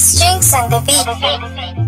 Strings and the beat.